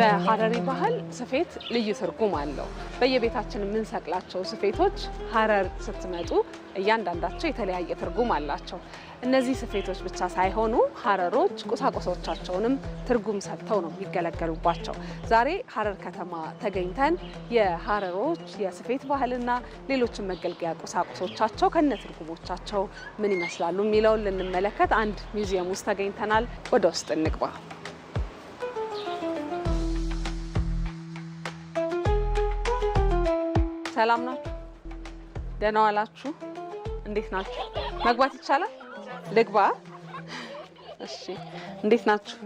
በሀረሪ ባህል ስፌት ልዩ ትርጉም አለው። በየቤታችን የምንሰቅላቸው ስፌቶች ሀረር ስትመጡ እያንዳንዳቸው የተለያየ ትርጉም አላቸው። እነዚህ ስፌቶች ብቻ ሳይሆኑ ሀረሮች ቁሳቁሶቻቸውንም ትርጉም ሰጥተው ነው የሚገለገሉባቸው። ዛሬ ሀረር ከተማ ተገኝተን የሀረሮች የስፌት ባህልና ሌሎችን መገልገያ ቁሳቁሶቻቸው ከነ ትርጉሞቻቸው ምን ይመስላሉ የሚለውን ልንመለከት አንድ ሚውዚየም ውስጥ ተገኝተናል። ወደ ውስጥ እንግባ። ሰላም ናችሁ? ደህና ዋላችሁ? እንዴት ናችሁ? መግባት ይቻላል? ልግባ? እሺ። እንዴት ናችሁ?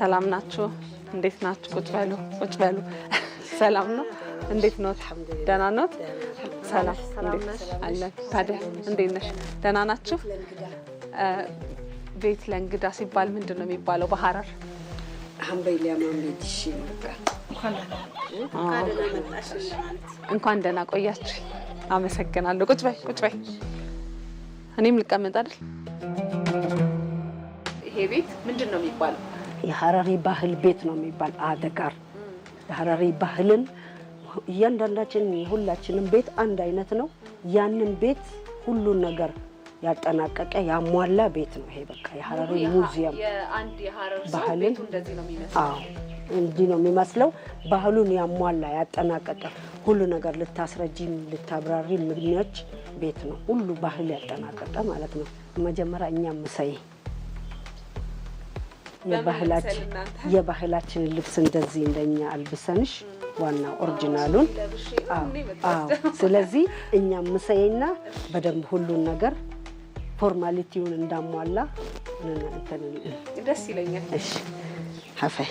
ሰላም ናችሁ? እንዴት ናችሁ? ቁጭ በሉ፣ ቁጭ በሉ። ሰላም ነው? እንዴት ነው? ደህና ነው? ሰላም አለን። ታዲያ እንዴት ነሽ? ደህና ናችሁ? ቤት ለእንግዳ ሲባል ምንድን ነው የሚባለው በሐረር? ሀምበይ ሊያማን ቤት ይሽ እንኳን ደህና ቆያችሁ። አመሰግናለሁ። ቁጭ በይ ቁጭ በይ። እኔም ልቀመጥ አይደል? ይሄ ቤት ምንድን ነው የሚባለው? የሀረሪ ባህል ቤት ነው የሚባል አደጋር የሀረሪ ባህልን እያንዳንዳችን የሁላችንም ቤት አንድ አይነት ነው። ያንን ቤት ሁሉን ነገር ያጠናቀቀ ያሟላ ቤት ነው። ይሄ በቃ የሀረሪ ሙዚየም ባህልን አዎ እንዲህ ነው የሚመስለው። ባህሉን ያሟላ ያጠናቀቀ ሁሉ ነገር ልታስረጅም ልታብራሪ ምኞች ቤት ነው። ሁሉ ባህል ያጠናቀቀ ማለት ነው። መጀመሪያ እኛ ምሰይ የባህላችንን ልብስ እንደዚህ እንደኛ አልብሰንሽ ዋና ኦሪጂናሉን። ስለዚህ እኛም ምሰይና በደንብ ሁሉን ነገር ፎርማሊቲውን እንዳሟላ ደስ ይለኛል። ሀፈይ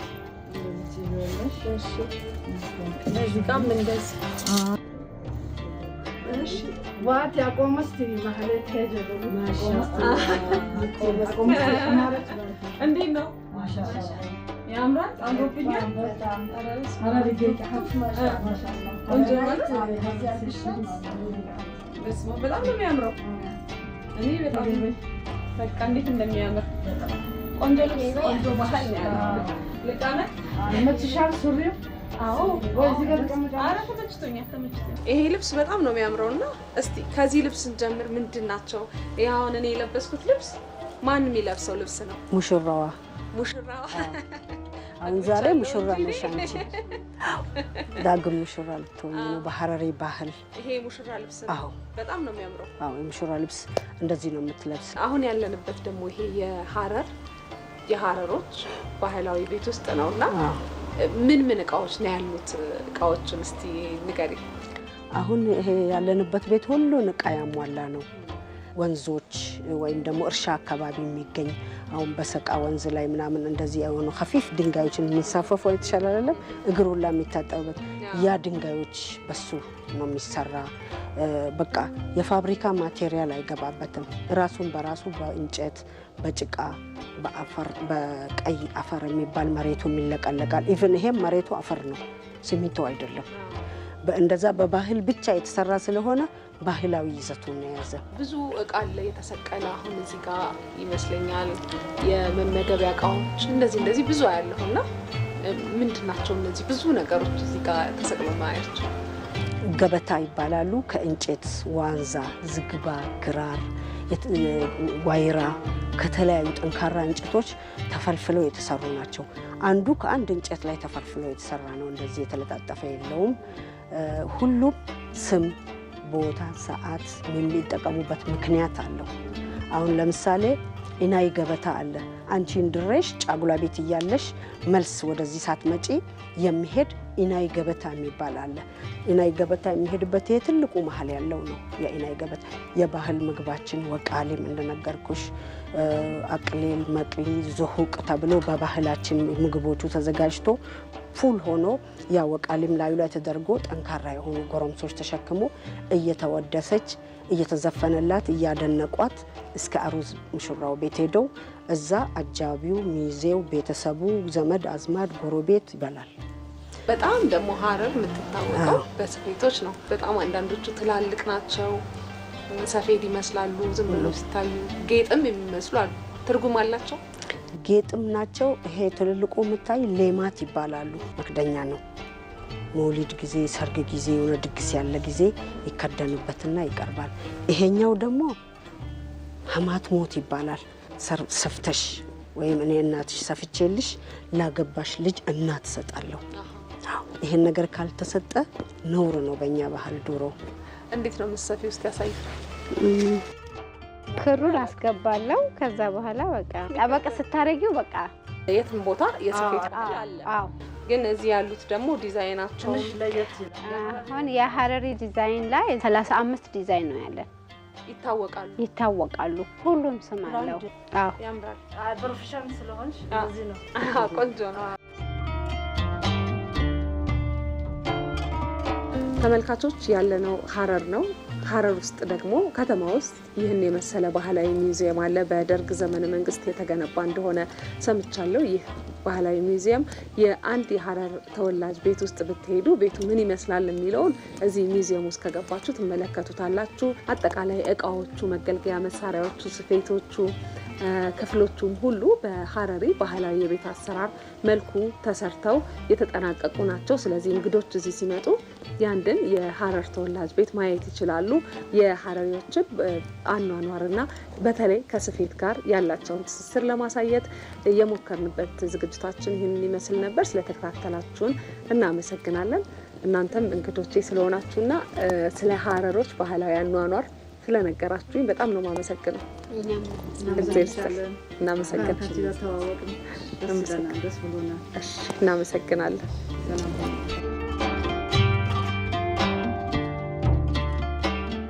እዚህ ጋር እንደዚህ እንዴት ነው? ያምራል። አምሮብኛል። በጣም ነው የሚያምረው። እኔ በጣም በቃ እንዴት እንደሚያምር ቆንጆ ልብስ ቆንጆ ባህል ልቃመት መትሻል ሱሪው ይሄ ልብስ በጣም ነው የሚያምረው እና እስቲ ከዚህ ልብስ እንጀምር። ምንድን ናቸው? አሁን እኔ የለበስኩት ልብስ ማን የሚለብሰው ልብስ ነው? ሙሽራዋ ሙሽራዋ አሁን ዛሬ ሙሽራ ነሽ ዳግም ሙሽራ ልትሆኝ ነው በሀረሪ ባህል። ይሄ ሙሽራ ልብስ በጣም ነው የሚያምረው። አዎ፣ የሙሽራ ልብስ እንደዚህ ነው የምትለብስ። አሁን ያለንበት ደግሞ ይሄ የሀረር የሀረሮች ባህላዊ ቤት ውስጥ ነው እና ምን ምን እቃዎች ነው ያሉት? እቃዎችን እስቲ ንገሪ። አሁን ይሄ ያለንበት ቤት ሁሉን እቃ ያሟላ ነው። ወንዞች ወይም ደግሞ እርሻ አካባቢ የሚገኝ አሁን በሰቃ ወንዝ ላይ ምናምን እንደዚህ የሆኑ ከፊፍ ድንጋዮችን የሚንሳፈፉ የተሻለ አይደለም፣ እግር ሁላ የሚታጠብበት ያ ድንጋዮች በሱ ነው የሚሰራ። በቃ የፋብሪካ ማቴሪያል አይገባበትም። ራሱን በራሱ በእንጨት በጭቃ በአፈር በቀይ አፈር የሚባል መሬቱ ይለቀለቃል። ኢቨን ይሄም መሬቱ አፈር ነው፣ ሲሚንቶ አይደለም። እንደዛ በባህል ብቻ የተሰራ ስለሆነ ባህላዊ ይዘቱን የያዘ ብዙ እቃ አለ የተሰቀለ። አሁን እዚህ ጋር ይመስለኛል የመመገቢያ እቃዎች እንደዚህ እንደዚህ ብዙ ያለሁ እና ምንድን ናቸው እነዚህ ብዙ ነገሮች እዚህ ጋር ተሰቅሎ ማያቸው? ገበታ ይባላሉ። ከእንጨት ዋንዛ፣ ዝግባ፣ ግራር፣ ዋይራ ከተለያዩ ጠንካራ እንጨቶች ተፈልፍለው የተሰሩ ናቸው። አንዱ ከአንድ እንጨት ላይ ተፈልፍሎ የተሰራ ነው። እንደዚህ የተለጣጠፈ የለውም። ሁሉም ስም፣ ቦታ፣ ሰዓት የሚጠቀሙበት ምክንያት አለው። አሁን ለምሳሌ ኢናይ ገበታ አለ። አንቺ ድሬሽ ጫጉላ ቤት እያለሽ መልስ ወደዚህ ሳትመጪ የሚሄድ ኢናይ ገበታ የሚባል አለ። ኢናይ ገበታ የሚሄድበት የትልቁ ትልቁ መሀል ያለው ነው። የኢናይ ገበታ የባህል ምግባችን ወቃሊም እንደነገርኩሽ፣ አቅሌል፣ መቅሊ፣ ዞሁቅ ተብሎ በባህላችን ምግቦቹ ተዘጋጅቶ ፉል ሆኖ ያ ወቃሊም ላዩ ላይ ተደርጎ ጠንካራ የሆኑ ጎረምሶች ተሸክሞ እየተወደሰች እየተዘፈነላት እያደነቋት እስከ አሩዝ ሙሽራው ቤት ሄደው እዛ አጃቢው፣ ሚዜው፣ ቤተሰቡ፣ ዘመድ አዝማድ፣ ጎረቤት ይበላል። በጣም ደግሞ ሀረር የምትታወቀው በስፌቶች ነው። በጣም አንዳንዶቹ ትላልቅ ናቸው፣ ሰፌድ ይመስላሉ። ዝም ብለው ሲታዩ ጌጥም የሚመስሉ አሉ። ትርጉም አላቸው፣ ጌጥም ናቸው። ይሄ ትልልቁ የምታይ ሌማት ይባላሉ። መክደኛ ነው። መውሊድ ጊዜ፣ ሰርግ ጊዜ፣ የሆነ ድግስ ያለ ጊዜ ይከደንበትና ይቀርባል። ይሄኛው ደግሞ ሀማት ሞት ይባላል። ሰፍተሽ ወይም እኔ እናትሽ ሰፍቼልሽ ላገባሽ ልጅ እናት እሰጣለሁ። ይሄን ነገር ካልተሰጠ ነውር ነው በእኛ ባህል ዶሮ እንዴት ነው ምሰፊ ውስጥ ያሳይ ክሩን አስገባለው። ከዛ በኋላ በቃ ጠበቅ ስታደረጊው በቃ የትም ቦታ የስፌት አለ። ግን እዚህ ያሉት ደግሞ ዲዛይናቸው አሁን የሀረሪ ዲዛይን ላይ 35 ዲዛይን ነው ያለን። ይታወቃሉ ይታወቃሉ። ሁሉም ስም አለው። ያምራል። ፕሮፌሽን ስለሆንሽ ቆንጆ ነው። ተመልካቾች ያለነው ሀረር ነው። ሀረር ውስጥ ደግሞ ከተማ ውስጥ ይህን የመሰለ ባህላዊ ሚውዚየም አለ። በደርግ ዘመነ መንግስት የተገነባ እንደሆነ ሰምቻለሁ። ይህ ባህላዊ ሚውዚየም የአንድ የሀረር ተወላጅ ቤት ውስጥ ብትሄዱ ቤቱ ምን ይመስላል የሚለውን እዚህ ሚውዚየም ውስጥ ከገባችሁ ትመለከቱታላችሁ። አጠቃላይ እቃዎቹ፣ መገልገያ መሳሪያዎቹ፣ ስፌቶቹ ክፍሎቹም ሁሉ በሀረሪ ባህላዊ የቤት አሰራር መልኩ ተሰርተው የተጠናቀቁ ናቸው። ስለዚህ እንግዶች እዚህ ሲመጡ ያንድን የሀረር ተወላጅ ቤት ማየት ይችላሉ። የሀረሪዎችን አኗኗርና በተለይ ከስፌት ጋር ያላቸውን ትስስር ለማሳየት የሞከርንበት ዝግጅታችን ይህንን ይመስል ነበር። ስለተከታተላችሁን እናመሰግናለን። እናንተም እንግዶቼ ስለሆናችሁና ስለ ሀረሮች ባህላዊ አኗኗር ስለነገራችሁኝ በጣም ነው ማመሰግነው። እናመሰግናለን።